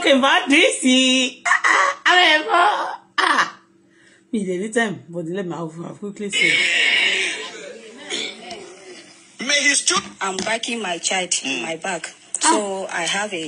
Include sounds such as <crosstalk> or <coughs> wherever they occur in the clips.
talk about this however ah me dey need but let me have have quickly say. may his children. i'm backing my child in my back so ah. i have a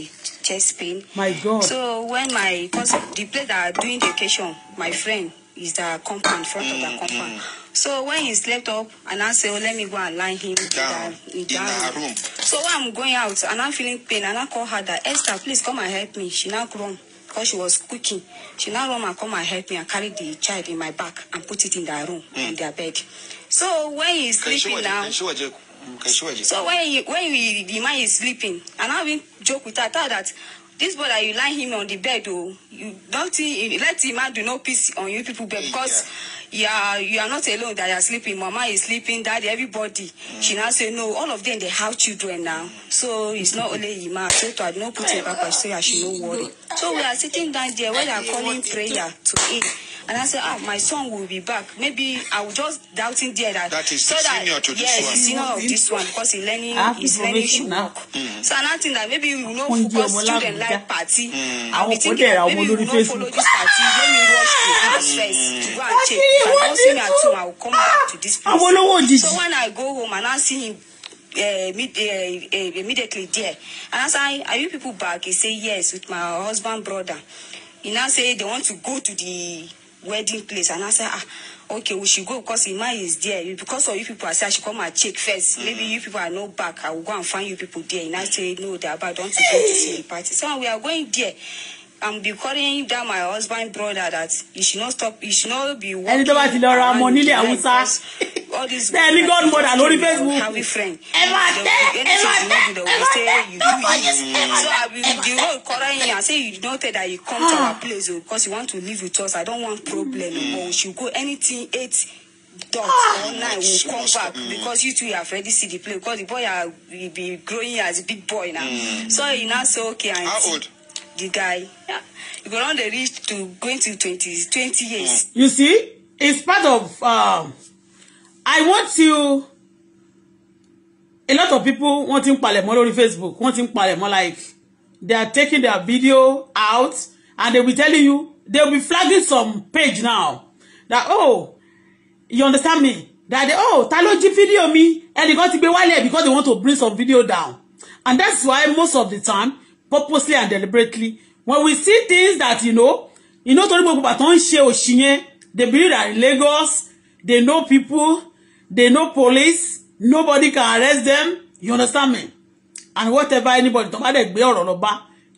chest pain. my god so when my the place that i doing the occasion my friend is the compound, front mm, of the mm-hmm. compound. Mm. So when he slept up, and I say, oh, let me go and line him down, in, the, in, in her room. So when I'm going out, and I'm feeling pain, and I call her that, Esther, please come and help me. She now grown because she was cooking. She now run and come and help me and carry the child in my back and put it in their room, mm. in their bed. So when he's sleeping now... So when he, when he, the man is sleeping, and I've joke with her, I thought that this brother you lie him on the bed o oh, you nothing let him do no peace on you people bed because. Yeah you are you are not alone that you are sleeping mama is sleeping daddy everybody mm. she now say no all of them they have children now so it's not only Emma so to have no put in papa so I should not worry so we are sitting down there when I'm calling prayer to him and I said ah my son will be back maybe I was just doubting there that that is so that, senior to this yes, one yes senior of this one because he learning he's learning should work mm. so another thing that maybe we will not focus children like party mm. I will be thinking that maybe we will not follow this party let me rush to mm. house first to go and check if i don see him at home i will come back to this ah! place so when i go home and i see him uh, mid, uh, uh, immediately there and i say are you people back he say yes with my husband brother he now say they want to go to the wedding place and i say ah okay we should go because emma is there because of you people i say i should come and check first maybe you people are not back i will go and find you people there and i say no they are back don't want to go to see the party so we are going there I'm be calling down my husband brother that he should not stop he should not be working. ẹni tó bá ti lọ ra ọmọ nílé Haúsá <laughs> bẹ́ẹ̀ god mother lórí oh, Facebook. ẹ máa tẹ́ ẹ máa tẹ́ ẹ máa tẹ́ tó fọyín sí ẹ máa tẹ́. the road calling him and say you don't tell that you come to our ah. place o oh, because you want to live with us I don't want problem o oh, but we should go anything eight dot ah, or nine will come back because you two have already see the play because the boy are, will be growing as a big boy now. Mm. So he now say okay. How the guy you go don dey reach to going to twenty twenty years. you see it's part of um, i want you a lot of people wọ́n ti ń palẹ̀mọ́ facebook wọ́n ti ń like they are taking their video out and they will telling you they will be flagging some page now that oh you understand me that they, oh ta ló jí fídíò mi ẹnìkan ti gbé wálé because they want to bring some video down and that's why most of the time purposely and deliberately when we see things that you know you know torí gbogbo àtọ́ ń ṣe òṣì yẹn they believe that in Lagos they know people they know police nobody can arrest them you understand me and whatever anybody tó bá dẹ̀ gbé ọ̀rọ̀ lọ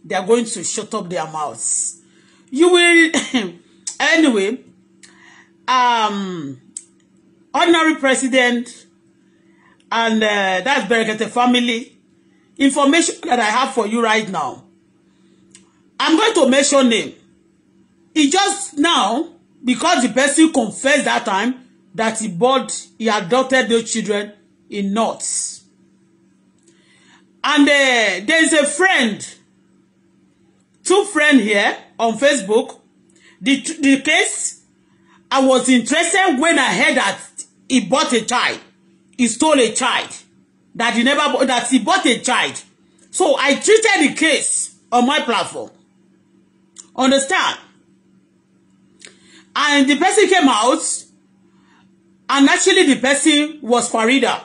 they are going to shut up their mouths you will <coughs> anyway um, ordinary president and uh, that's Berekete family information that I have for you right now. I'm going to mention name. It just now, because the person confessed that time that he bought, he adopted those children in North. And uh, there's a friend, two friend here on Facebook. The, the case, I was interested when I heard that he bought a child. He stole a child that he never that he bought a child. So I treated the case on my platform. Understand? And the person came out, and actually the person was Farida.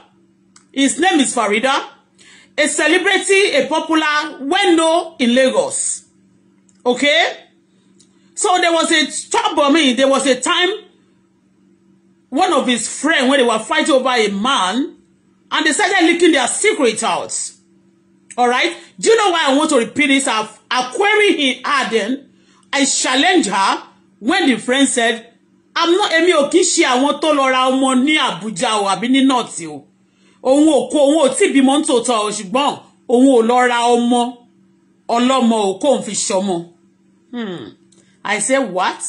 His name is Farida, a celebrity, a popular, well-known in Lagos. Okay? So there was a trouble, I mean, there was a time one of his friends, when they were fighting over a man, and they started leaking their secrets out. All right. Do you know why I want to repeat this? I've, ah, I query in Aden. I challenge her when the friend said, I'm not èmi ò I want àwọn tó lọ ra ọmọ ní Abuja o àbí ní North o. Òun ò kó òun ò tí bímọ ń tòótọ́ o ṣùgbọ́n òun ò lọ ra Hmm. I said, what?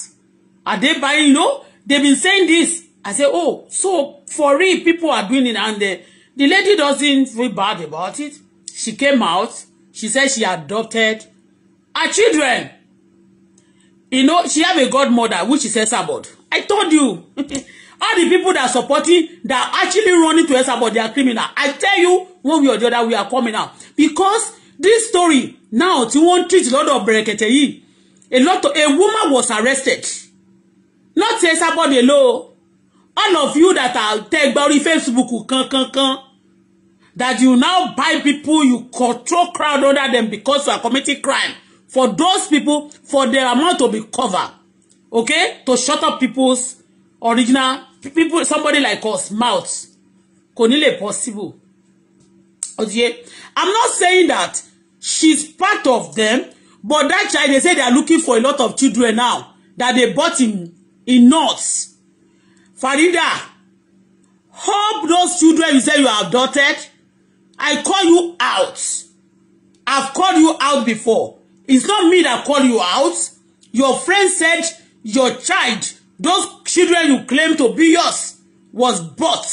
Are they buying? You know, they've been saying this. I said, oh, so for real people are doing it and they eh, The lady doesn't feel bad about it. She came out. She said she adopted her children. You know, she have a godmother, which is Esabod. I told you. <laughs> All the people that are supporting, that are actually running to Esabod, they are criminal. I tell you, one way or the other, we are coming out. Because this story, now, tí wọ́n treat a lot of Berekete yìí, a lot of, a woman was arrested. Not Esabod alone. All of you that are tẹ́ gbà Facebook can can can that you now buy people, you control crowd under them because you are committing crime. For those people, for their amount to be covered. Okay? To shut up people's original people, somebody like us, mouths. Kò ní lè possible. Okay? I'm not saying that she's part of them, but that child, they say they are looking for a lot of children now that they bought in, in North Farida, Hope those children you say you have adopted I call you out. I've called you out before. It's not me that called you out. Your friend said your child, those children you claim to be yours, was bought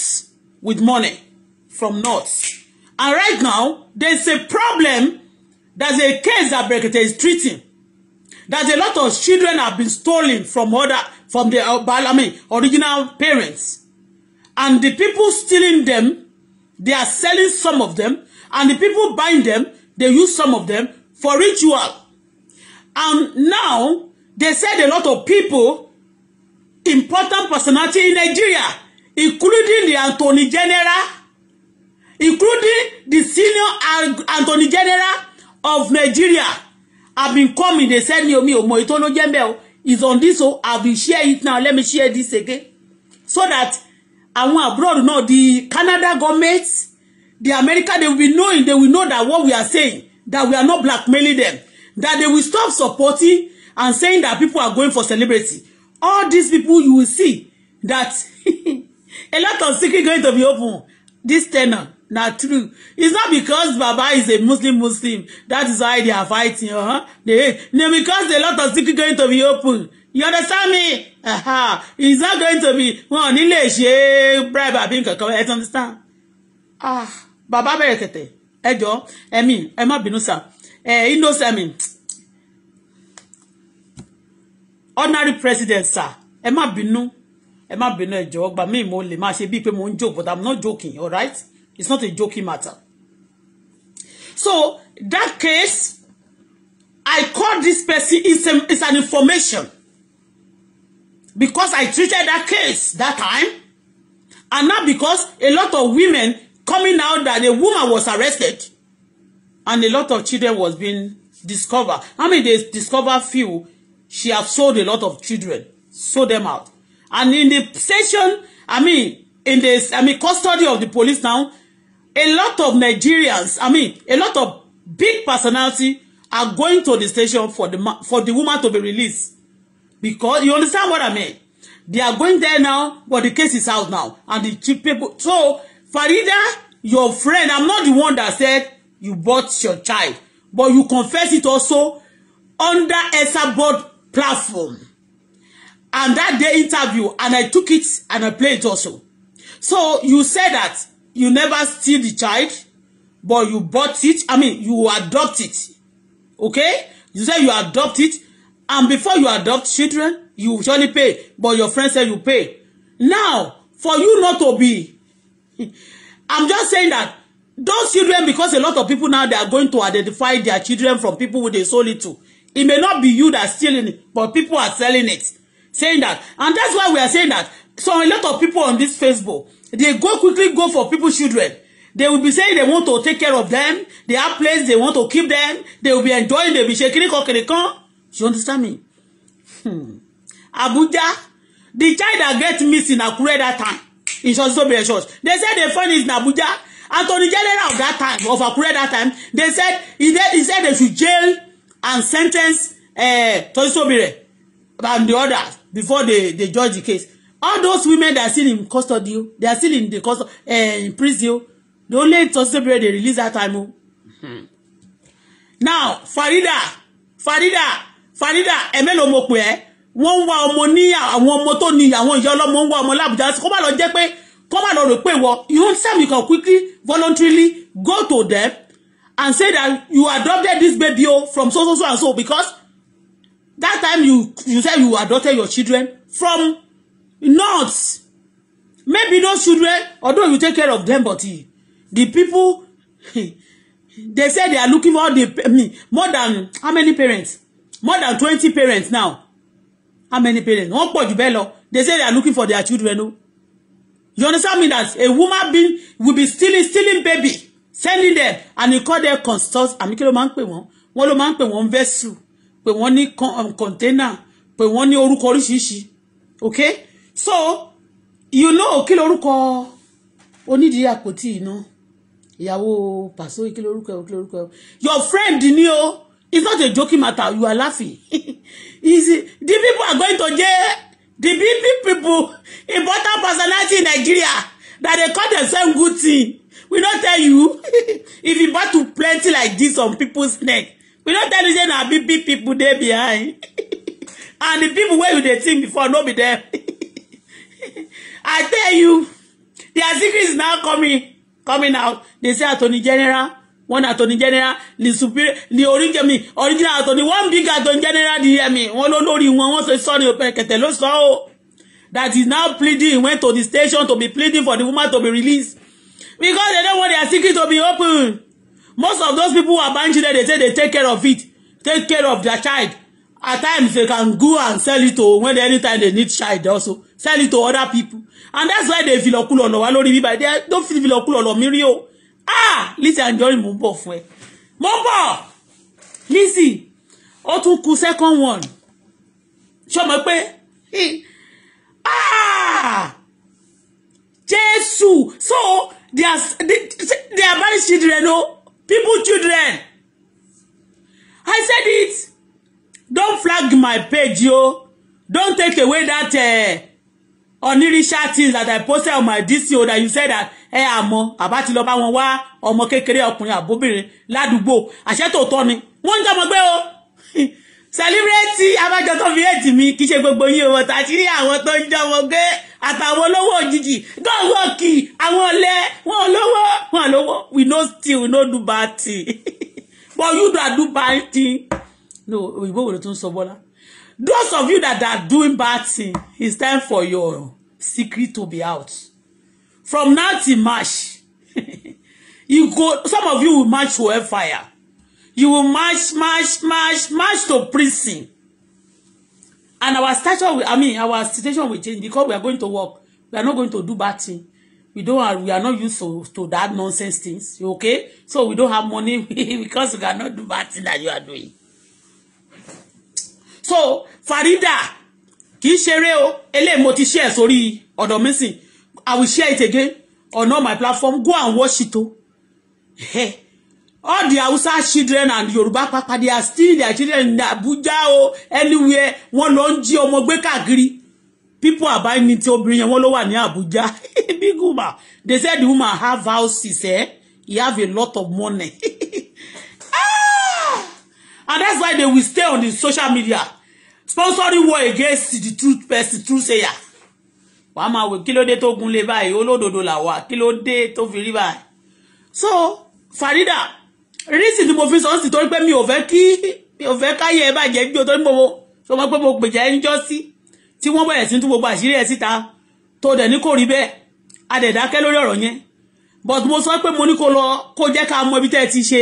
with money from North. And right now, there's a problem. There's a case that Brekete is treating. That a lot of children have been stolen from other, from the I mean, original parents. And the people stealing them They are selling some of them, and the people buying them, they use some of them for ritual. And now, they said a lot of people, important personality in Nigeria, including the Anthony General, including the senior Anthony General of Nigeria, have been coming. They said, Miomi, Omoitono Jembel is on this, so I will share it now. Let me share this again. So that àwọn abroad náà the Canada government the America they will be knowing they will know that what we are saying that we are not blackmailing them that they will stop supporting and saying that people are going for celebrity all these people you will see that <laughs> a lot of secret going to be open this tenor na true it's not because baba is a muslim muslim that is why they are fighting uh -huh. they, they because a lot of secret going to be open you understand me aha Is that going to be wọn ò ní lè ṣe bribe àbí nǹkan kan ẹ understand ah Baba, bẹ̀rẹ̀ tẹ̀tẹ̀ ẹ jọ ẹ̀mí ẹ má bínú sà ẹ̀ innocent mi ordinary president sà ẹ má bínú ẹ má bínú ẹ jọ ọgbà míì mo lè máa ṣe bíi pé mo ń joke but i'm not joking alright it's not a joking matter so that case i call this person it's, a, it's an information because I treated that case that time and not because a lot of women coming out that a woman was arrested and a lot of children was being discovered I mean they discovered few she have sold a lot of children sold them out and in the station I mean in the I mean custody of the police now a lot of Nigerians I mean a lot of big personality are going to the station for the for the woman to be released because you understand what I mean? They are going there now, but the case is out now. And the cheap people. So, Farida, your friend, I'm not the one that said you bought your child, but you confess it also under esa board platform. And that day interview, and I took it and I played it also. So you said that you never steal the child, but you bought it. I mean, you adopt it. Okay? You said you adopt it, and before you adopt children you surely pay but your friend say you pay now for you not to be <laughs> i'm just saying that those children because a lot of people now they are going to identify their children from people who they sold it to it may not be you that's stealing it but people are selling it saying that and that's why we are saying that so a lot of people on this Facebook they go quickly go for people's children they will be saying they want to take care of them they have place they want to keep them they will be enjoying they will be shaking it you understand me hmm. Abuja the child that get missed in Akure that time in church so be church they said the found is in Abuja Attorney General of that time of Akure that time they said he said he said they should jail and sentence uh, eh, Tosobire and the others before they they judge the case all those women that are still in custody oh. they are still in the custody uh, in prison oh. the only Tosobire they release that time o. Oh. hmm Now Farida Farida Farida ẹ̀mẹ́ ló mo pè ẹ́ wọ́n ń wá ọmọ ní àwọn ọmọ tó ní àwọn ìyá ọlọ́mọ ń wá ọmọ lábùjá kó má lọ jẹ́ pé kó má lọ rò pé wọ you send me can quickly voluntarily go to them and say that you adopted this baby o oh, from so so so and so because that time you you say you adopted your children from not maybe those children although you take care of them but the people <laughs> they say they are looking more the I mean, more than how many parents more than twenty parents now how many parents wọ́n pọ̀ jù bẹ́ẹ̀ lọ they say they are looking for their children o you understand me that a woman being will be stealing stealing baby sending them and he call them consult àmì kí ló máa ń pè wọ́n wọ́n ló máa ń pè wọ́n vessel pè wọ́n ní um, container Pe wọ́n ní orúkọ oríṣiríṣi okay so you know kí lorúkọ onídìí àpótí iná ìyàwó pàṣẹ kí lorúkọ kí lorúkọ your friend ni o. It's not a joking matter. You are laughing. <laughs> Is the people are going to jail. The big people, important personality in Nigeria, that they call themselves good thing. We don't tell you <laughs> if you bought to plenty like this on people's neck. We don't tell you say na big big people dey behind. <laughs> and the people wey you dey think before no be them. I tell you, their secret is now coming coming out. They say Attorney General one attorney general ni superior ni oríjẹmi original attorney one big attorney general di ẹmi wọn ló lórí wọn wọn ṣe sọ ni pẹkẹtẹ ló sọ o that is now pleading went to the station to be pleading for the woman to be released because they don't want their secret to be open most of those people who abandon children they say they take care of it take care of their child at times they can go and sell it to when they, anytime they need child also sell it to other people and that's why they filokulo ọ̀nà one lórí bíbá they don't filokulo ọ̀nà mi rí o ah Lizzy Anjorin mo ń bọ̀ fún ẹ mo ń bọ̀ Lizzy ó tún ku second one ṣé o mọ̀ pé ah Jésù so they are are married children o no? people children I said it don't flag my page yo don't take away that. Uh, onírìṣà things that I posted on my DCO that you said that ẹ àmọ́ àbá ti lọ bá wọn wá ọmọ kékeré ọkùnrin àbóbìnrin ládùúgbò àṣẹ tòótọ́ ni wọ́n ń jọmọ gbé o sẹlíbírẹ́tì <laughs> abájọ tó fi èjì mi kì í ṣe gbogbo yín o tàṣírí àwọn tó ń jọmọ gbé àtàwọn olówó òjijì gọ́ọ̀gọ́ kì àwọn ọ̀lẹ wọn olówó wọn olówó we no steal we no do bad thing <laughs> but you do a do bad thing no òyìnbó wo ló tún sọ bọ́lá those of you that are doing bad thing it's time for your secret to be out from now till March <laughs> you go some of you will march to hellfire you will march march march march to prison and our stature I mean our situation will change because we are going to work we are not going to do bad thing we don't are we are not used to, to that nonsense things okay so we don't have money <laughs> because we cannot do bad thing that you are doing so Farida kì í ṣeré o eléyìí mo ti share sórí ọ̀dọ̀ mi sìn I will share it again on all my platform go and watch it o all the Hausa children and Yoruba papa they are still their children in Abuja o anywhere wọ́n lọ ń jí ọmọ gbé káàkiri people are buying it obìnrin yẹn wọ́n ló wà ní Abuja <laughs> big woman they said the woman have houses eh he have a lot of money <laughs> ah and that's why they will stay on the social media sponsoring war against the truth person truth sayer wàá máa wò kilo ló dé tó gúnlé báyìí olódodo la wa kilo dé tó fi rí báyìí so Farida reason the mo fi sọ sí torí pé mi ò fẹ́ kí mi ò fẹ́ káyé ẹ bàjẹ́ bí o torí mo sọ ma pé mo gbèjà ẹ níjọ́ sí tí wọ́n bẹ̀rẹ̀ sí ní tún gbogbo àṣírí ẹ síta tó dẹ̀ ní kò rí bẹ́ẹ̀ adẹ̀dákẹ́ lórí ọ̀rọ̀ yẹn but mo sọ pé mo ní kó lọ kó jẹ́ ká mọ ibi tẹ́ ti ṣe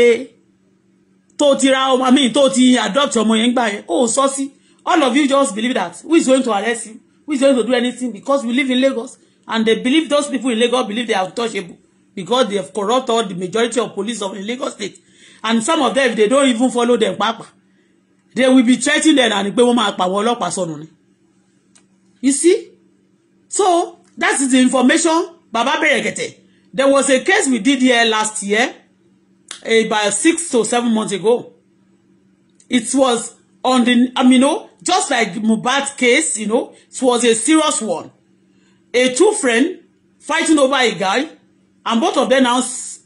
tó ti ra ọmọ mi tó ti adopt ọmọ yẹn gbà yẹn ó sọ sí all of you just believe that who is going to arrest him? who is going to do anything because we live in Lagos and they believe those people in Lagos believe they are untouchable because they have corrupt all the majority of police of in Lagos state and some of them they don't even follow them papa they will be threatening them and pé wọ́n máa pa àwọn ọlọ́pàá you see so that is the information baba berekete there was a case we did here last year eh, about six to seven months ago it was on the amino um, just like Mohbad's case, you know, it was a serious one. A two friend fighting over a guy, and both of them now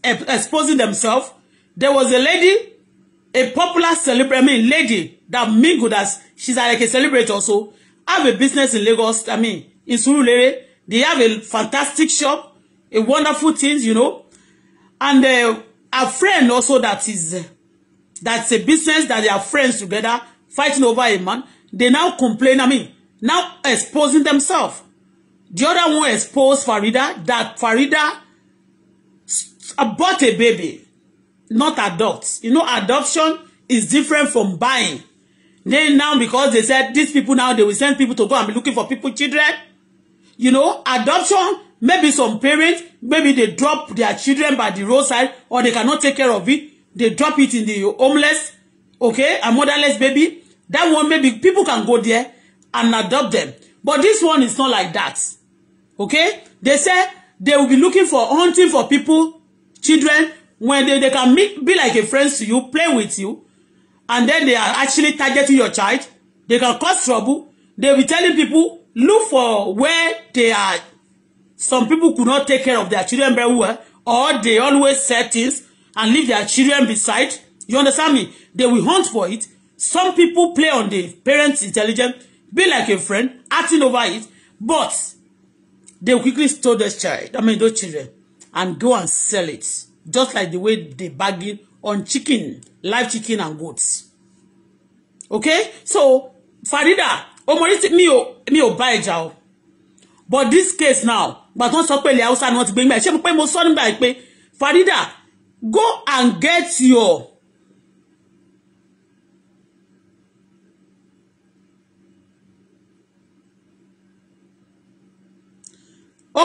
exposing themselves. There was a lady, a popular celebrity, I mean, lady that mingled as she's like a celebrity also. Have a business in Lagos, I mean, in Surulere. They have a fantastic shop, a wonderful things, you know. And uh, a friend also that is, that's a business that they are friends together, fighting over a man. They now complain, I mean, now exposing themselves. The other one exposed Farida that Farida bought a baby, not adopts. You know, adoption is different from buying. Then now, because they said these people now, they will send people to go and be looking for people, children. You know, adoption, maybe some parents, maybe they drop their children by the roadside or they cannot take care of it. They drop it in the homeless, okay, a motherless baby. That one maybe people can go there and adopt them. But this one is not like that. Okay? They say they will be looking for hunting for people, children, when they, they can meet, be like a friend to you, play with you, and then they are actually targeting your child. They can cause trouble. They'll be telling people, look for where they are. Some people could not take care of their children very well, or they always set things and leave their children beside. You understand me? They will hunt for it some people play on the parents' intelligence, be like a friend, acting over it, but they quickly stole those child, I mean those children, and go and sell it. Just like the way they bargain on chicken, live chicken and goats. Okay? So, Farida, Omori mi ò mi ò bá ẹja o. But this case now, but wọ́n sọ pé ilẹ̀ Hausa ni wọ́n ti gbé nígbà. Ṣé mo pé mo sọ nígbà pé Farida, go and get your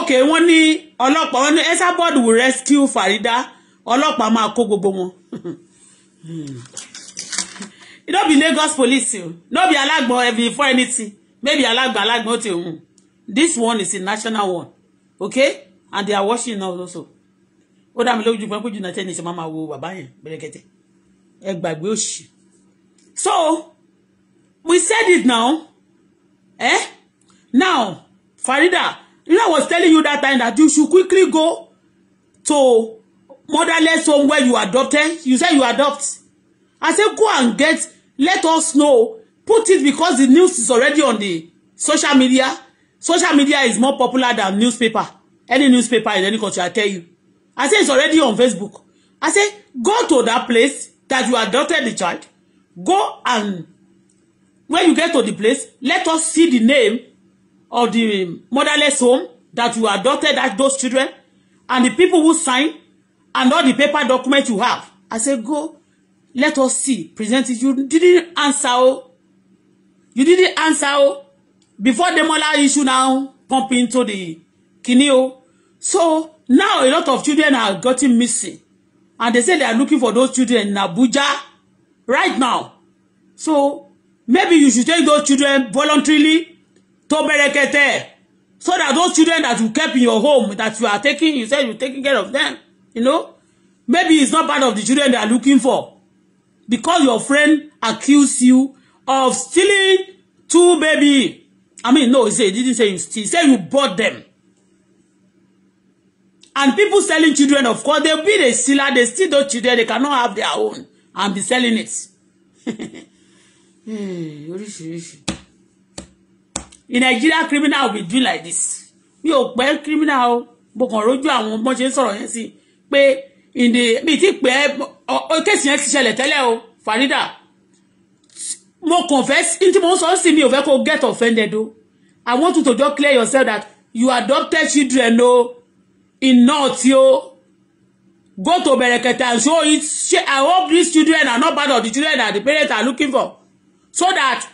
okay wọ́n ní ọlọ́pàá wọ́n ní Esabod will rescue Farida ọlọ́pàá máa kó gbogbo wọn. e <laughs> no be Lagos police o no be alagbon eh, before anything maybe alagbon alagbon ti hun this one is a national one okay and they are watching now also ó dá mi lójú fún ẹ pé jù náà tẹ́ni ṣe máa ma wo bàbá yẹn bẹ̀rẹ̀kẹ̀tẹ̀ ẹ gbàgbé òṣì so we said it now eh now Farida You know, I was telling you that time that you should quickly go to motherless home where you adopted. Eh? You said you adopt. I said, go and get, let us know. Put it because the news is already on the social media. Social media is more popular than newspaper. Any newspaper in any country, I tell you. I say it's already on Facebook. I say go to that place that you adopted the child. Go and when you get to the place, let us see the name of the motherless home that you adopted that those children and the people who sign and all the paper documents you have. I say go, let us see. Present it. You didn't answer. Oh. You didn't answer. Oh. Before the Demola issue now pump into the kini o. So now a lot of children are getting missing. And they say they are looking for those children in Abuja right now. So maybe you should take those children voluntarily tó bẹ̀rẹ̀kẹ̀tẹ̀ so that those children that you kept in your home that you are taking you said you taking care of them you know maybe it's not part of the children they are looking for because your friend accused you of stealing two baby I mean no he said he didn't say you steal he say you bought them and people selling children of course they'll be the stealer they steal those children they cannot have their own and be selling it <laughs> hmm in Nigeria criminal will be doing like this mi ò pẹ́ criminal o mo kàn rójú àwọn bọ́n ṣe ń sọ̀rọ̀ yẹn sí pé ìdè mi ti pẹ́ kéèsì yẹn ti ṣẹlẹ̀ tẹ́lẹ̀ o Farida mo confess n tí mo ń sọ sí mi ò fẹ́ kó get offended o I want you to just clear yourself that you adopted children o in north o go to Berekete and show it I hope these children are not part of the children that the parents are looking for so that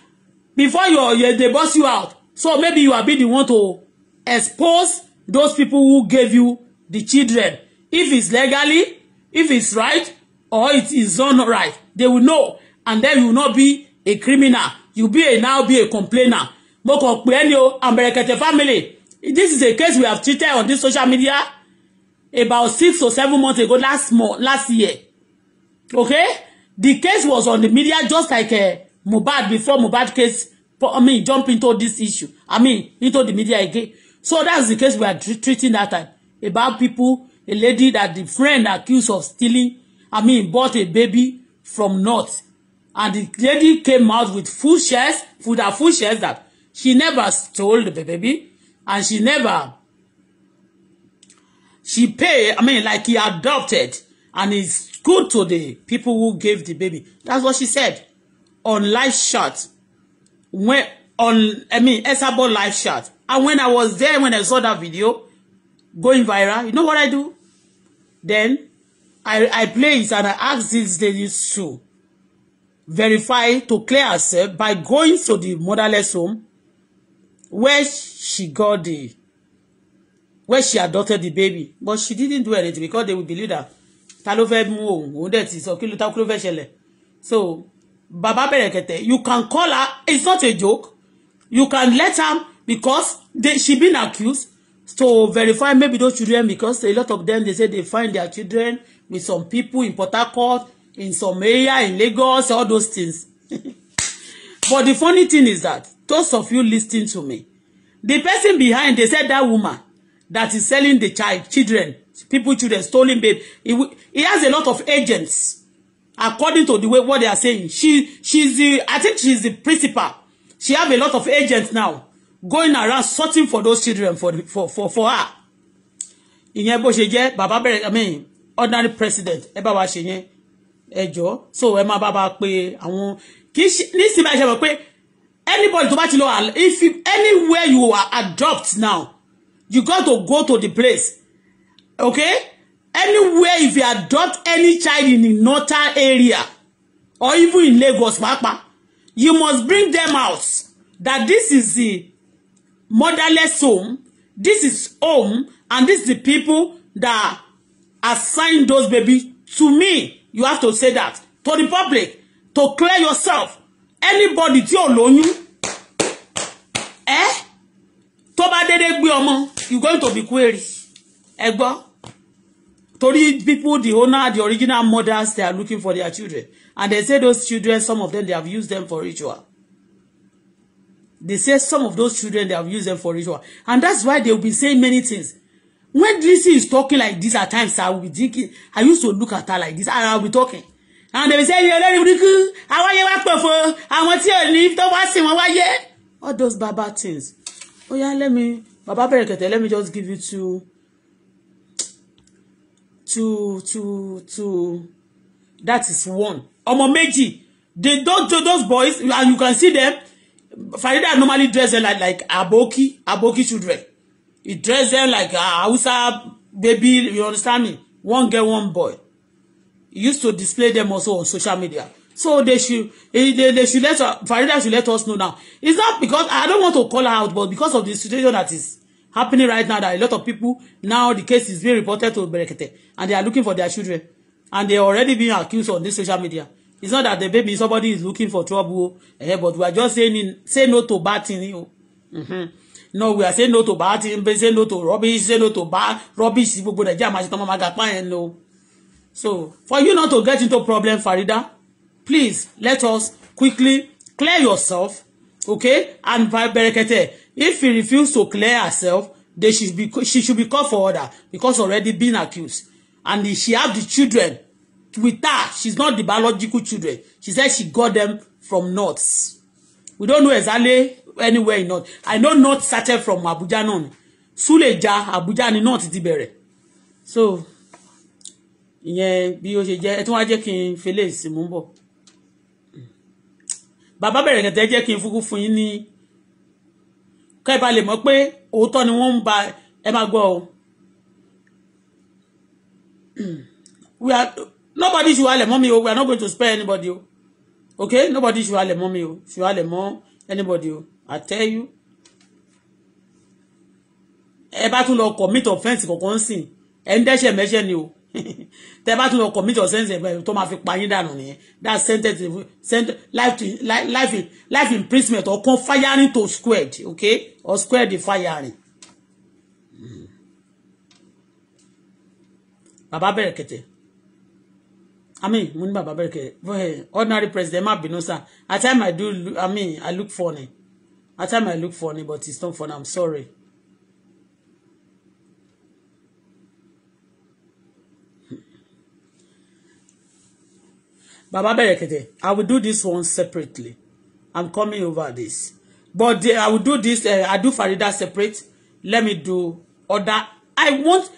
before your, your, they bust you out So maybe you are being the one to expose those people who gave you the children. If it's legally, if it's right, or it is not right, they will know. And then you will not be a criminal. You be a now be a complainer. Moko Kwenyo and Berekete family. This is a case we have treated on this social media about six or seven months ago last month, last year. Okay? The case was on the media just like a eh, Mubad before Mubad case I mean, jump into this issue. I mean, into the media again. So that's the case we are treating that time. About people, a lady that the friend accused of stealing, I mean, bought a baby from North. And the lady came out with full shares, with that full shares that she never stole the baby. And she never, she paid, I mean, like he adopted. And it's good to the people who gave the baby. That's what she said on live shot when on I mean Esabo live chat. And when I was there, when I saw that video going viral, you know what I do? Then I I play it and I ask these ladies to verify to clear herself by going to the motherless home where she got the where she adopted the baby but she didn't do anything because they would believe that ta ló fẹ́ mú òun òun dẹ̀ ti so Baba Berekete, you can call her. It's not a joke. You can let her because they, she been accused to verify maybe those children because a lot of them, they say they find their children with some people in Port Harcourt, in some area, in Lagos, all those things. <laughs> But the funny thing is that those of you listening to me, the person behind, they said that woman that is selling the child, children, people, children, stolen babe, he, he has a lot of agents according to the way what they are saying she she's the i think she's the principal she have a lot of agents now going around sorting for those children for for for for her ìyẹn bó ṣe jẹ́ bàbá i mean ordinary president ẹ bá wa ṣe yẹn ẹ so ẹ máa bá bá pé àwọn kì í ṣe nísìnyí bá ṣe anybody to bá ti lọ if you, anywhere you are adopt now you got to go to the place okay anywhere if you adopt any child in the northern area or even in Lagos papa you must bring them out that this is the motherless home this is home and this is the people that assign those baby to me you have to say that to the public to clear yourself anybody tí ò lóyún ẹ eh? tó bá dédé gbé ọmọ you going to be query ẹ gbọ́. Tori people, the owner, the original mothers, they are looking for their children. And they say those children, some of them, they have used them for ritual. They say some of those children, they have used them for ritual. And that's why they will be saying many things. When DC is talking like this at times, I will be thinking, I used to look at her like this, and I'll be talking. And they say, You're not very good. I want you back for I want you to leave the washing. All those baba things. Oh, yeah, let me, Baba Berekete, let me just give you two to to to that is one ọmọ méjì they don to those boys and you can see them Farida normally dress them like like aboki aboki children he dress them like uh, Hausa baby you understand me one girl one boy he used to display them also on social media so they should they, they should let Farida should let us know now it's not because I don't want to call her out but because of the situation that is happening right now that a lot of people now the case is being reported to Berekete and they are looking for their children and they are already being accused on this social media it's not that the baby somebody is looking for trouble eh, but we are just saying say no to bad thing o mm-hmm. no we are saying no to bad thing say no to rubbish say no to bad rubbish gbogbo Naija ma ṣe tán mọ́ máa ga pa no so for you not to get into problem Farida please let us quickly clear yourself okay and by berekete if he refuse to clear herself they should be she should be called for order because already been accused and she have the children with her she's not the biological children she said she got them from north we don't know exactly anywhere in north i know north started from abuja náà suleja abuja ni north ti bẹ̀rẹ̀ so ìyẹn bí ó ṣe jẹ́ ẹ tún wá jẹ́ kí n fele ìsìn mú bọ̀ bàbá bẹ̀rẹ̀ kẹtẹ jẹ́ kí n fúkú fún yín ní kẹ́ ẹ bá lè mọ̀ pé òótọ́ ni wọ́n ń ba ẹ máa gbọ́ ọ. <clears throat> we are nobody should halẹ̀ mọ́ mi o we are not going to spare anybody o okay nobody should halẹ̀ mọ́ mi o should halẹ̀ mọ́ anybody o I tell you ẹ bá tún lọ commit offence kankan sìn ẹ ń dẹ́ṣẹ̀ mẹ́ṣẹ̀ ni o. <laughs> tẹ bá tún lọ commit your sentence ẹ̀ tó máa fi pa yín dànù nìyẹn that sentence life to life in life imprisonment or kan firing to squared okay or square the firing. bàbá bẹ̀rẹ̀ kẹ̀tẹ̀ I mean, Muni Baba Berke, ordinary president, ma bínú sir. At time I do, I mean, I look funny. At time I look funny, but it's not funny. I'm sorry. Baba Berekete, I will do this one separately. I'm coming over this. But the, I will do this, uh, I do Farida separate. Let me do other. I want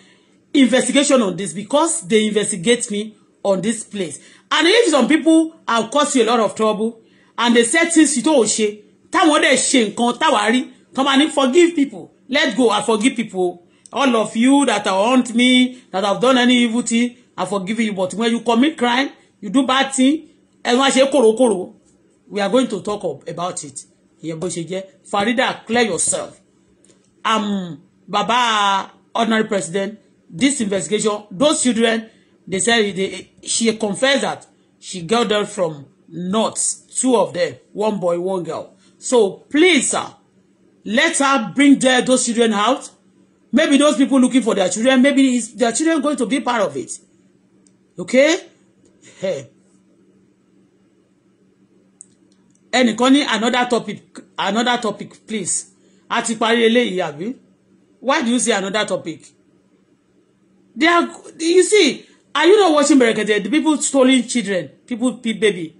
investigation on this because they investigate me on this place. And if some people have caused you a lot of trouble and they said things you don't ṣe, what they ṣe come, táwa worry. come and forgive people. Let go, I forgive people. All of you that haunt me, that have done any evil thing, I forgive you. But when you commit crime, you do bad thing ẹnu àṣẹ kòrókòrò we are going to talk about it ìyẹn bó ṣe jẹ́ Farida clear yourself um, baba ordinary president this investigation those children they say they, she confess that she got them from north two of them one boy one girl so please sir let her bring their, those children out maybe those people looking for their children maybe their children going to be part of it okay ẹnìkan ní another topic another topic please a ti parí eléyìí àbí why do you say another topic they are you see are you not watching Brekete the people stealing children people pick baby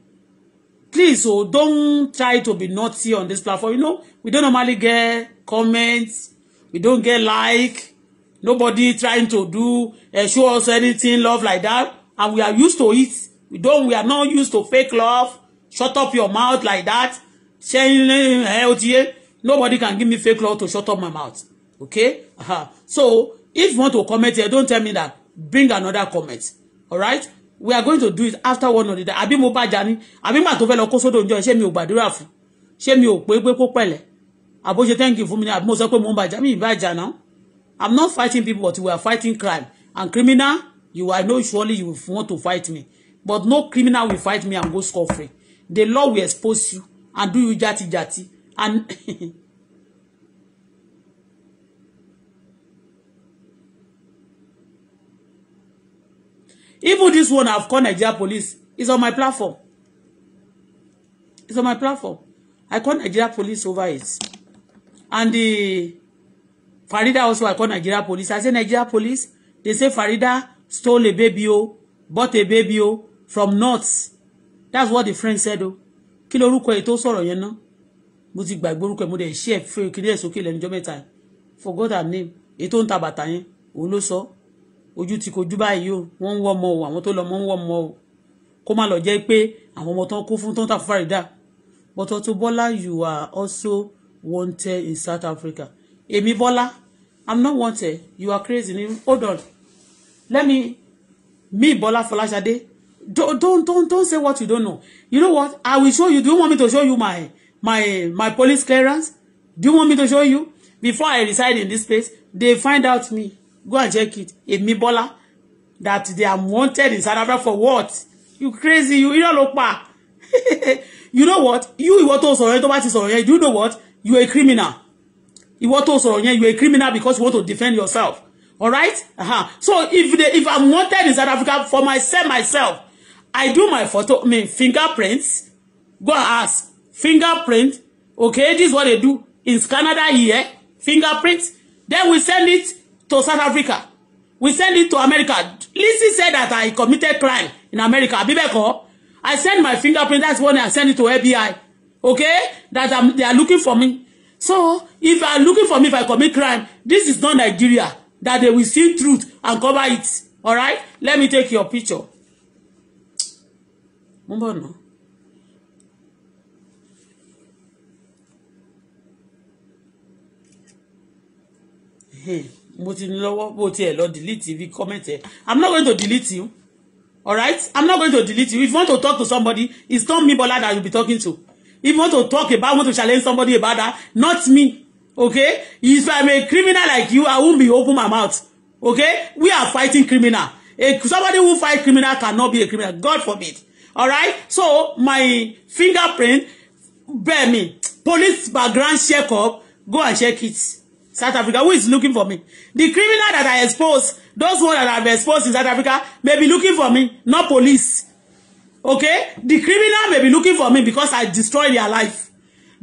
please oh don't try to be naughty on this platform you know we don't normally get comments we don't get like nobody trying to do uh, show us anything love like that and we are used to it we don't we are not used to fake love shut up your mouth like that saying eh, eh otiye nobody can give me fake love to shut up my mouth okay uh-huh. so if you want to comment here don't tell me that bring another comment all right we are going to do it after one of the day àbí mo bá jani àbí màá tó fẹ́ lọ kó sódò ǹjọ́ ṣé mi ò gbàdúrà fún ṣé mi ò pé pé kó pẹ̀lẹ́ àbó thank you fún mi ni mo sọ pé mo ń bàjá mi ìbàjá náà i'm not fighting people but we are fighting crime and criminal You, I know surely you want to fight me, but no criminal will fight me and go score free The law will expose you and do you jati jati. And <laughs> even this one I've called Nigeria police is on my platform. It's on my platform. I call Nigeria police over it. And the Farida also I call Nigeria police. I say Nigeria police. They say Farida stole a baby o oh, bought a baby o oh, from north that's what the friend said o oh. kí lorúkọ ẹ tó sọ̀rọ̀ yẹn náà mo ti gbàgbé orúkọ ẹ mo dẹ̀ share fún kiri ẹ̀ sókè lẹ́nu ọjọ́ mẹ́ta forgot her name èyí tó ń ta bàtà yẹn òun ló sọ ojú ti kojú báyìí o wọ́n ń wọ́ ọmọ o àwọn tó lọ ọmọ ń wọ́ ọmọ o kó má lọ jẹ́ pé àwọn ọmọ tán kó fún tán tà fún fàrídà but Auto Bola you are also wanted in South Africa èmi Bọ́lá I'm not wanted you are crazy ni hold on let me me Bola Folashade don't don't don't don't say what you don't know you know what I will show you do you want me to show you my my my police clearance do you want me to show you before I reside in this place they find out me go and check it èmi Bola that they are wanted in South Africa for what you crazy you irọ́ ló <laughs> you know what you ìwọ tó sọ̀rọ̀ yẹn tó bá ti sọ̀rọ̀ yẹn you know what you a criminal ìwọ tó sọ̀rọ̀ yẹn you a criminal because you want to defend yourself all right uh-huh. so if they if i'm wanted in south africa for myself myself i do my photo i mean fingerprints go ask fingerprint okay this is what they do in canada here fingerprint then we send it to south africa we send it to america Lizzy said that i committed crime in america abibeko i send my fingerprint that's when i send it to fbi okay that I'm, they are looking for me so if they are looking for me if i commit crime this is not nigeria that they will see truth and cover it. All right? Let me take your picture. Mumbo no. mo ti ní lọ́wọ́ bó tiẹ̀ lọ delete ibi comment ẹ̀ I'm not going to delete you All right. I'm not going to delete you if you want to talk to somebody it's not me Bola that you be talking to if you want to talk about want to challenge somebody about that not me okay if i'm a criminal like you i won't be open my mouth okay we are fighting criminal a somebody who fight criminal cannot be a criminal god forbid all right so my fingerprint bear me police background check up go and check it south africa who is looking for me the criminal that i expose those one that i've exposed in south africa may be looking for me not police okay the criminal may be looking for me because i destroy their life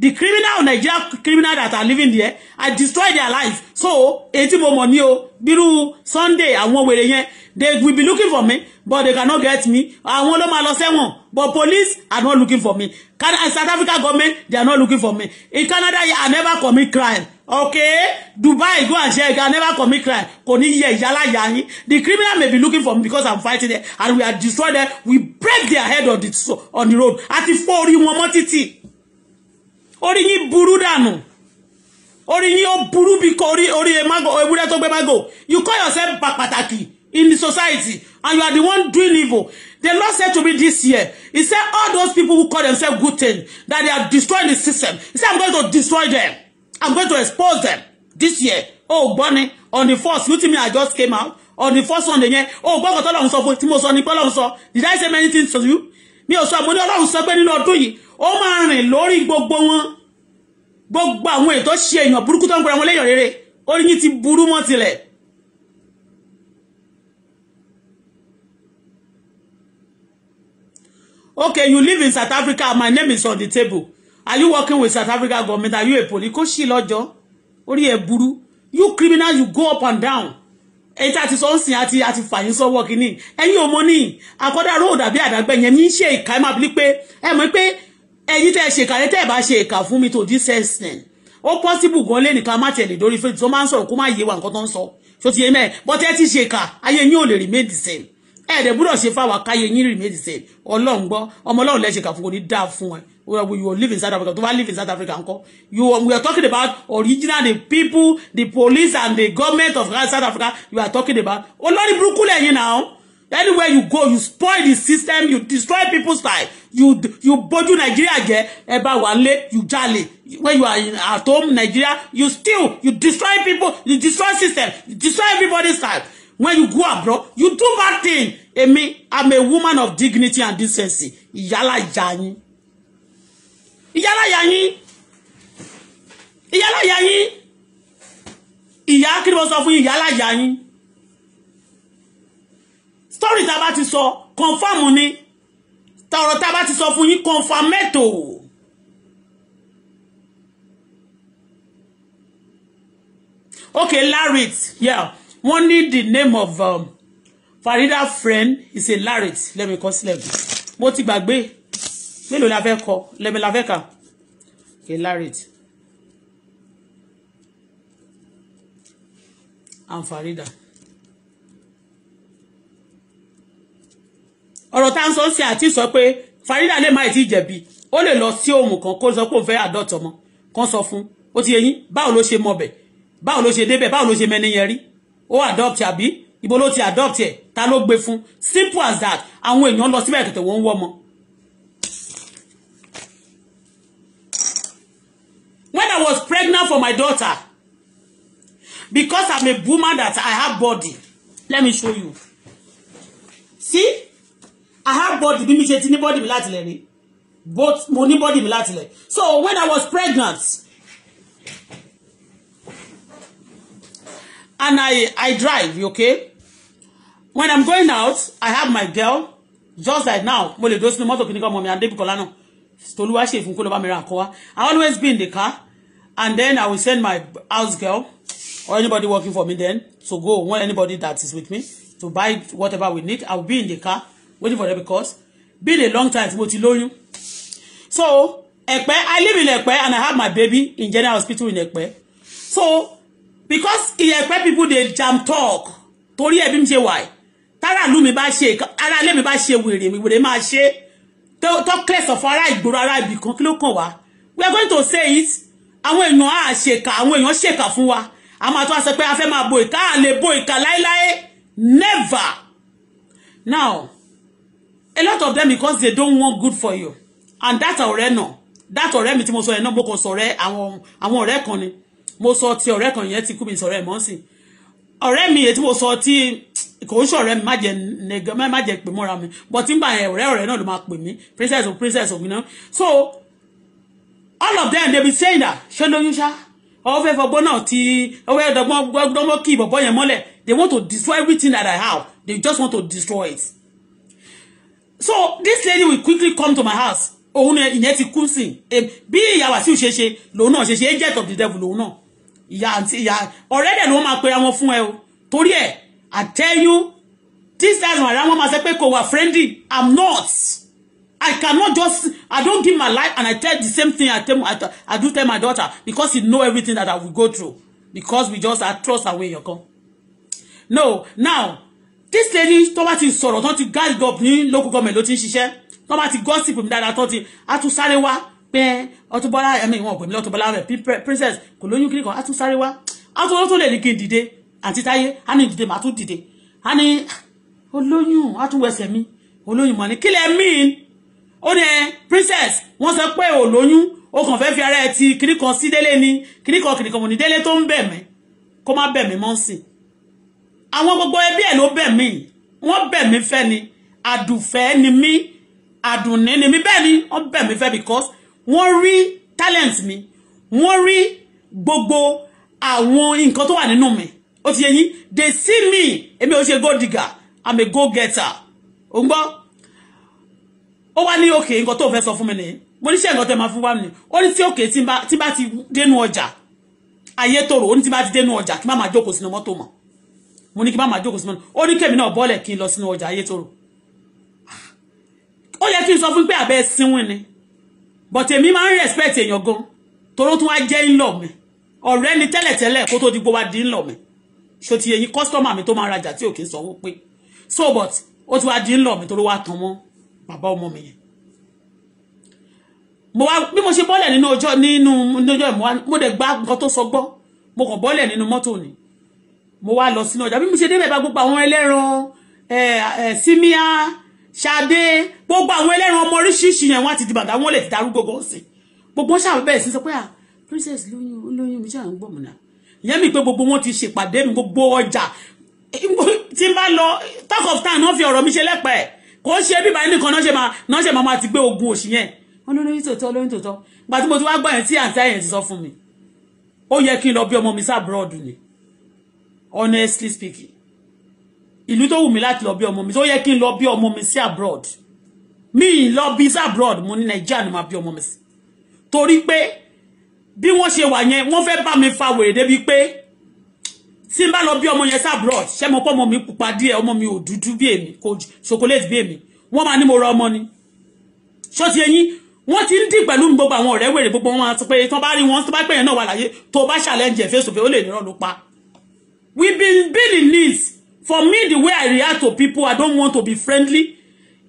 the criminal Nigeria criminal that are living there I destroy their life so etí mo mọ̀ ní o bírú Sunday àwọn wèrè yẹn they will be looking for me but they cannot get me àwọn ló máa lọ sẹ́wọ̀n but police are not looking for me Canada South Africa government they are not looking for me in Canada I never commit crime okay Dubai go and check I never commit crime kò ye, yẹ ìyálàyà the criminal may be looking for me because I'm fighting them and we are destroyed them we break their head on the on the road àti fọ́ orí wọn mọ́ títì orí yín burú dànù orí yín ó burú bí kò orí orí ewúrẹ́ tó gbé mago you call yourself pàtàkì in the society and you are the one doing evil the Lord said to me this year he said all those people who call themselves good things that they are destroying the system he said I'm going to destroy them I'm going to expose them this year oh gbọ́ni on the first you think me I just came out on the first Sunday yẹn oh gbọ́kàn tọ́lọ́run sọ fún tí mo sọ ní pọ́lọ́run sọ did I say many things to you mi ò sọ ọlọ́run sọ pé nínú ọdún yìí ó máa rìn lórí gbogbo wọn gbogbo àwọn ètò ṣe èèyàn burúkú tó ń gbọ́ra wọn léèyàn rere orí ti burú mọ́ tilẹ̀. okay you live in South Africa my name is on the table are you working with South African government are you a police kó sì lọ́jọ́ orí ẹ̀ burú you criminal you go up and down èyí tá a ti sọ ń sìn àti àti fàyín sọ́wọ́ kínní ẹ̀yin ò mọ ní àkọ́dá róòdà bí àdágbẹ́ yẹn mi ń ṣe ìka ẹ máa bí pé ẹ mọ̀ pé ẹ̀yin tẹ́ ẹ ṣèkà rẹ tẹ́ ẹ bá ṣe ìka fún mi tó this extent ó possible gan lé nìkan má tẹ̀lé lórí fèjì tó máa ń sọ̀rọ̀ kó má yé wa nǹkan tó ń sọ tó ti yé mẹ́ bọ́tẹ́ ti ṣèkà ayé yín ò lè remain the same ẹ̀ẹ́dẹ̀ gbúdọ̀ ṣe fáwọn akáyé yín remain the same ọlọ́run gbọ́ ọmọ ọlọ́run lẹ́ṣẹ̀ká fún kò dáa fún ẹ Where we will live in South Africa Do I live in South Africa Uncle? you are, we are talking about original the people the police and the government of South Africa you are talking about olórí burúkú lẹ́yìn náà anywhere you go you spoil the system you destroy people's life you you bójú Nigeria jẹ́ ẹ bá you jolly, when you are in, at home Nigeria you steal you destroy people you destroy system you destroy everybody's life when you go abroad you do bad thing èmi i'm a woman of dignity and decency Yala, ìjà ìyálàyà yín ìyálàyà yín ìyá kí ni mo sọ fún ìyálàyà yín story tá a bá ti sọ confam ni tọrọ tá a bá ti sọ fún yín confam mẹ́tò okay Larrit yeah wọ́n ní the name of um, Farida friend is a Larrit lẹ́mi kọ́ sílẹ̀ mo ti gbàgbé mélòó la fẹ́ kọ lẹ́mi la fẹ́ kà okay larit and farida ọ̀rọ̀ tá ń sọ sí àti sọ pé farida lè má ti jẹ̀bi ó lè lọ sí òmù kan kó sọ pé òun fẹ́ àdọ́tọ̀ ọmọ kan sọ fún ó ti yẹyìn báwo ló ṣe mọbẹ̀ báwo ló ṣe débẹ̀ báwo ló ṣe mẹ́ni rí ó adopt àbí ibo ló ti adopt ẹ̀ ta ló gbé fún simple as that àwọn èèyàn lọ síbẹ̀ tètè wọ́n ń wọ́ pregnant for my daughter because I'm a woman that I have body let me show you see I have body bí mi ṣe ti ní body mi láti lẹ̀ ni both mo ní body mi láti lẹ̀ so when I was pregnant and I I drive okay when I'm going out I have my girl just like now mo lè dó sínú mọ́tò kìnnìkan mọ̀ mi and débìkọ́lá náà tolúwa ṣe ìfúnkó lọ́ba mìíràn àkọ́wá I always be in the car and then I will send my house girl or anybody working for me then to go when anybody that is with me to buy whatever we need I will be in the car waiting for them because been a long time tí mo ti lóyún so Ẹ̀pẹ́ I live in Ẹ̀pẹ́ and I have my baby in general hospital in Ẹ̀pẹ́ so because in Ẹ̀pẹ́ people dey jam talk torí ẹbí mi ṣe why? Tara ìlú mi ba ṣe ara ilé mi ba ṣe wèrè mi wèrè máa ṣe tó clear sọ̀fọ̀ ará ìgboro ará ibì kan kí ló kàn wá we are going to say it àwọn èèyàn á ṣèkà àwọn èèyàn ṣèkà fún wa a máa tún aṣọ pé a fẹ́ máa bo ìka a lè bo ìka láéláé never now a lot of them because they don't want good for you and that ọ̀rẹ́ náà that ọ̀rẹ́ mi tí mo sọ yẹn náà mo kàn sọ̀rẹ́ àwọn àwọn ọ̀rẹ́ kan ni mo sọ ti ọ̀rẹ́ kan yẹn ti kú mi sọ̀rẹ́ mọ́ sí ọ̀rẹ́ mi èyí tí mo sọ ti kò ń ṣọ̀rẹ́ mi má jẹ nẹ̀gẹ́ má jẹ pè mọ́ra mi but nígbà yẹn ọ̀rẹ́ ọ̀rẹ́ náà ló máa pè mí princess of princess of you know so all of them they be saying that ṣé lóyún ṣá ọ fẹ́ fọgbọ́n náà ti ọ fẹ́ dọgbọ́n dọgbọ́n kí ìbọ̀bọ́ yẹn mọ́lẹ̀ they want to destroy everything that I have they just want to destroy it so this lady will quickly come to my house òun ni ìyẹn ti kú sí bí ìyá Wàsíù ṣe ṣe lòun náà ṣe ṣe agent of the devil lòun náà ìyá àti ìyá ọ̀rẹ́ dẹ̀ ló máa pe àwọn fún ẹ o torí ẹ̀ I tell you this time around wọ́n máa sọ pé kò wà friendly I'm not. I cannot just, I don't give my life and I tell the same thing I tell, I, I do tell my daughter because he know everything that I will go through. Because we just I trust away, come. No, now, this lady, tó bá ti sọ̀rọ̀, tó ti guide up ní local government, ló ti ń ṣiṣẹ́, tó bá gossip with me that I thought tún sáré wá, pé, Auto Bola, I mean, wọ́n pè mí Auto Bola, princess, kò lóyún kiri kan, a tún sáré wá, a tún lọ́tọ̀ lè ní kí n dìde, àti táyé, a ní dìde, màá tún dìde, a ní, ah, olóyún, a tún wẹsẹ̀ mi, olóyún mọ̀ ní, kí lẹ́ mean? ó ní princess wọ́n sọ pé ò lóyún ó kàn fẹ́ẹ́ fi ara ẹ̀ ti kiri kan sí délé ni kiri kan kiri kan mò ní délé tó ń bẹ̀ mí kó má bẹ̀ mí sí i àwọn gbogbo ẹbí ẹ̀ ló bẹ̀ mí wọ́n bẹ̀ mí fẹ́ ni àdùfẹ́ ni mí àdùnní ni mí bẹ́ẹ̀ ni wọ́n bẹ̀ mí because wọ́n rí talent mi wọ́n rí gbogbo àwọn nǹkan tó wà nínú mi ó ti yẹ yín they see me èmi ò ṣe go digger i'm a go getter òun gbọ́ ó wá ní òkè nǹkan tó fẹ́ sọ fún mi nìyí mo níṣẹ́ nǹkan tẹ́ máa fún wa nìyí ó ní tí òkè tí bá ti dénú ọjà ayé tòrò ó ní tí bá ti dénú ọjà kí má máa jókòó sínú mọ́tò mọ́ mo ní kí má máa jókòó sínú mọ́tò ó ní kèmí náà bọ́ọ̀lẹ̀ kí n lọ sínú ọjà ayé tòrò ó yẹ kí n sọ fún pé àbẹ́ sínwìn ni but èmi máa ń respect èèyàn gan toró tún wá jẹ́ ńlọ mi ọ̀rẹ́ ni tẹ́lẹ̀tẹ́lẹ̀ kó tó di gbó wá di ńlọ mi ṣó ti yẹyin kọ́sítọ́mà mi tó máa rajà tí òkè sanwó pé so but ó ti wá di ńlọ mi toró wá tan mọ́ bàbá ọmọ mi yẹn mo wá bí mo ṣe bọ́lẹ̀ nínú ọjọ́ nínú ọjọ́ ìmọ̀ mo dẹ̀ gba nǹkan tó sọ gbọ́ mo kàn bọ́lẹ̀ nínú mọ́tò ni mo wá lọ sínú ọjà bí mo ṣe débẹ̀ bá gbogbo àwọn ẹlẹ́ran símíà ṣadé gbogbo àwọn ẹlẹ́ran ọmọ oríṣiríṣi yẹn wọ́n ti di bàtà wọ́n lè ti darúgbó gan sí gbogbo ṣáà bẹ́ẹ̀ sí sọ pé à ah, princess lóyún lóyún mi ṣáà ń gbọ̀ mọ̀nà ìyẹn mi pé gbogbo wọn ti ṣèpàdé mi gbogbo ọjà tí n bá lọ talk of time wọn fi ọ̀rọ̀ mi ṣe lẹ́pẹ̀ẹ́ kò ṣe bíbá nìkan náà ṣe máa náà ṣe máa máa ti gbé ogun òṣì yẹn wọn ló lóyún tòótọ́ lóyún tòótọ́ gba tí mo ti wá gbọ́ yẹn tí àǹtí àyẹn ti sọ fún mi ó yẹ kí n lọ bí ọmọ mi sábúrọ̀dù ni honestly speaking ìlú tó wù mí láti lọ bí ọmọ mi tó yẹ kí n lọ bí ọmọ mi sí abroad mi lọ bí sí mo ní nàìjíríà ni màá bí ọmọ mi sí torí pé bí wọ́n ṣe wà yẹn wọ́n fẹ́ bá mi fa wèrè débi pé tí n bá lọ bí ọmọ yẹn sábrọd ṣé mo pọ́ ọmọ mi pupa díẹ̀ ọmọ mi ò dúdú bí èmi chocolate bí èmi wọ́n máa ní mo ra ọmọ ni ṣó ti eyín wọ́n ti ń dì pẹ̀lú gbogbo àwọn ọ̀rẹ́ wèrè gbogbo wọn àti pé tí wọ́n bá rí wọn tó bá pè yẹn náà wà láyé tó challenge face to face ó lè nírọ̀ ló pa. we been been in needs for me the way i react to people i don't want to be friendly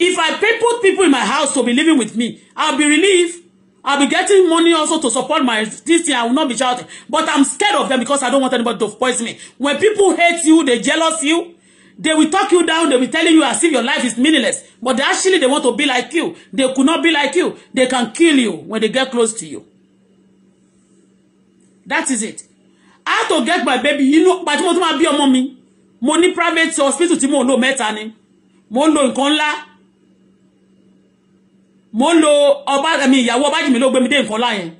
if i people people in my house to be living with me i'll be relieved I'll be getting money also to support my this year. I will not be shouting. But I'm scared of them because I don't want anybody to poison me. When people hate you, they jealous you, they will talk you down, they will telling you as if your life is meaningless. But they actually, they want to be like you. They could not be like you. They can kill you when they get close to you. That is it. I had to get my baby. You know, but you want to be ọmọ mommy. Money, private hospital tí mo lò mẹ́ta ni. Mo lò nǹkan ńlá mo ń lo ọba mi ìyàwó ọbájìmí ló gbé mi dé nǹkan láyẹn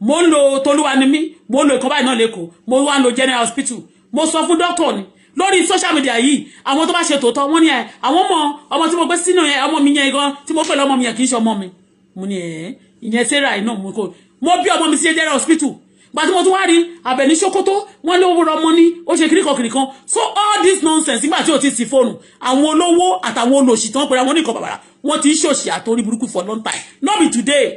mo ń lo toluwa ni mí mo ń lo ìkọ́ báyìí náà lẹ́kọ̀ọ́ mo wá lo general hospital mo sọ fún dókítà ni lórí social media yìí àwọn tó bá ṣe tòótọ́ wọ́n ní ẹ àwọn ọmọ ọmọ tí mo gbé sínú ẹ ọmọ mi yẹn gan tí mo pẹ̀lú ọmọ mi yẹn kì í ṣe mi mo ní ẹ ìyẹn sarah iná mo kò mo bí ọmọ mi sí jẹjẹrẹ hospital gbàtí mo tún wá rí àbẹ̀ ní ṣókótó wọ́n lówó rọmọ ní ó ṣe kíríkan kíríkan so all this nonsense nígbà tí o ti sì fóònù àwọn olówó àtàwọn olòṣì tán pẹ̀lú àwọn oníkan bàbàrà wọ́n ti ń ṣòṣì àtòrí burúkú for long time no be today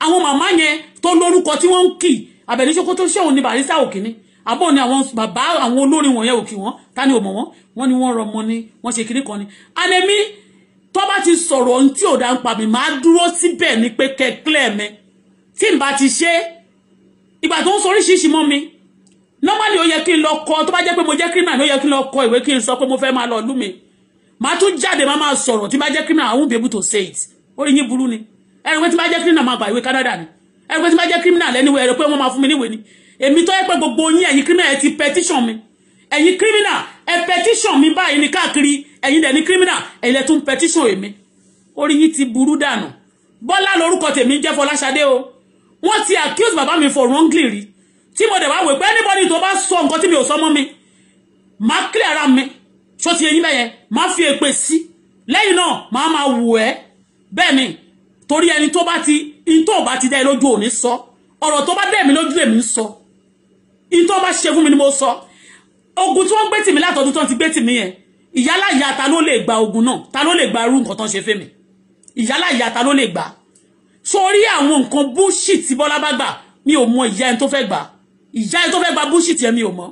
àwọn màmá yẹn tó lórúkọ tí wọ́n ń kì àbẹ̀ ní ṣókótó ṣéun ní barista òkìní àbọ̀ ni àwọn bàbá àwọn olórin wọ̀nyẹn òkì wọn ta ni ò mọ̀ wọn wọn ni wọ́n rọmọ ni wọ́n ṣe kíríkan ni anemi tó bá ti sọ̀rọ̀ ohun tí ò dá ń pa mi máa dúró síbẹ̀ ni pé kẹ́kẹ́ mi tí n bá ti ṣe é ìgbà tó ń sọ oríṣiríṣi mọ́ mi normally ó yẹ kí n lọ kọ tó bá jẹ́ pé mo jẹ́ criminal ó yẹ kí n lọ kọ ìwé kí n sọ pé mo fẹ́ máa lọ lú mi màá tún jáde máa máa sọ̀rọ̀ tí n bá jẹ́ criminal I won't be able to say it orí yín burú ni ẹ̀rù pé tí n bá jẹ́ criminal máa gbà ìwé Canada ni ẹ̀rù pé tí n bá jẹ́ criminal lẹ́niwẹ̀ ẹ̀rù pé wọ́n máa fún mi níwèé ni èmi tó yẹ pé gbogbo yín ẹ̀yin criminal ẹ ti petition mi ẹ̀yin criminal ẹ petition mi báyìí ní káàkiri ẹ̀yin dẹ̀ ní criminal ẹ̀yin lẹ tún petition èmi orí yín ti burú dànù Bọ́lá lórúkọ tèmi jẹ́ Fọláṣadé o wọ́n ti accuse bàbá mi for wrongly rí tí mo dẹ̀ wá wò pé anybody tó bá sọ nǹkan tí mi ò sọ mọ́ mi máa clear ara mi ṣó ti eyín bẹ́yẹn máa fi èpè sí lẹ́yìn náà máa máa wù ẹ́ bẹ́ẹ̀ ni torí ẹni tó bá ti in tó bá ti dá ẹ lójú òní sọ ọ̀rọ̀ tó bá dẹ̀ mí lójú èmi ń sọ in tó bá ṣe fún mi ni mo sọ ogun tí wọ́n gbé tì mí látọ̀dún tó ti gbé tì mí yẹn ìyálà ìyá ta ló lè gba ogun náà ta ló lè gba irú nǹkan tó ń ṣe fẹ́mi ìyálà ìyá ta ló lè gbà á torí àwọn nǹkan bullshit tí Bọ́lá bá gbà mi ò mọ ìyá ẹni tó fẹ́ gbà ìyá ẹni tó fẹ́ gba bullshit yẹn mi ò mọ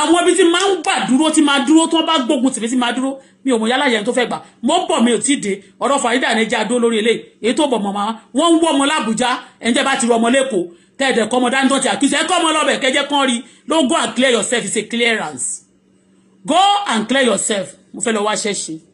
àwọn ibi tí máa ń gbà dúró tí máa dúró tí wọ́n bá gbógun tìbí tí máa dúró mi ò mọ yálà yẹn tó fẹ́ gbà mo ń bọ̀ mi ò tí ì dé ọ̀rọ̀ fàyídà ní ẹja àdó lórí eléyìí èyí tó bọ̀ mọ̀ máa wọ́n ń wọ́ ọmọ lábújá ẹ̀ńjẹ́ bá ti rọ ọmọ lẹ́kọ̀ọ́ tẹ́ẹ̀dẹ̀ kọ́ ọmọ go and clear yourself it's a clearance go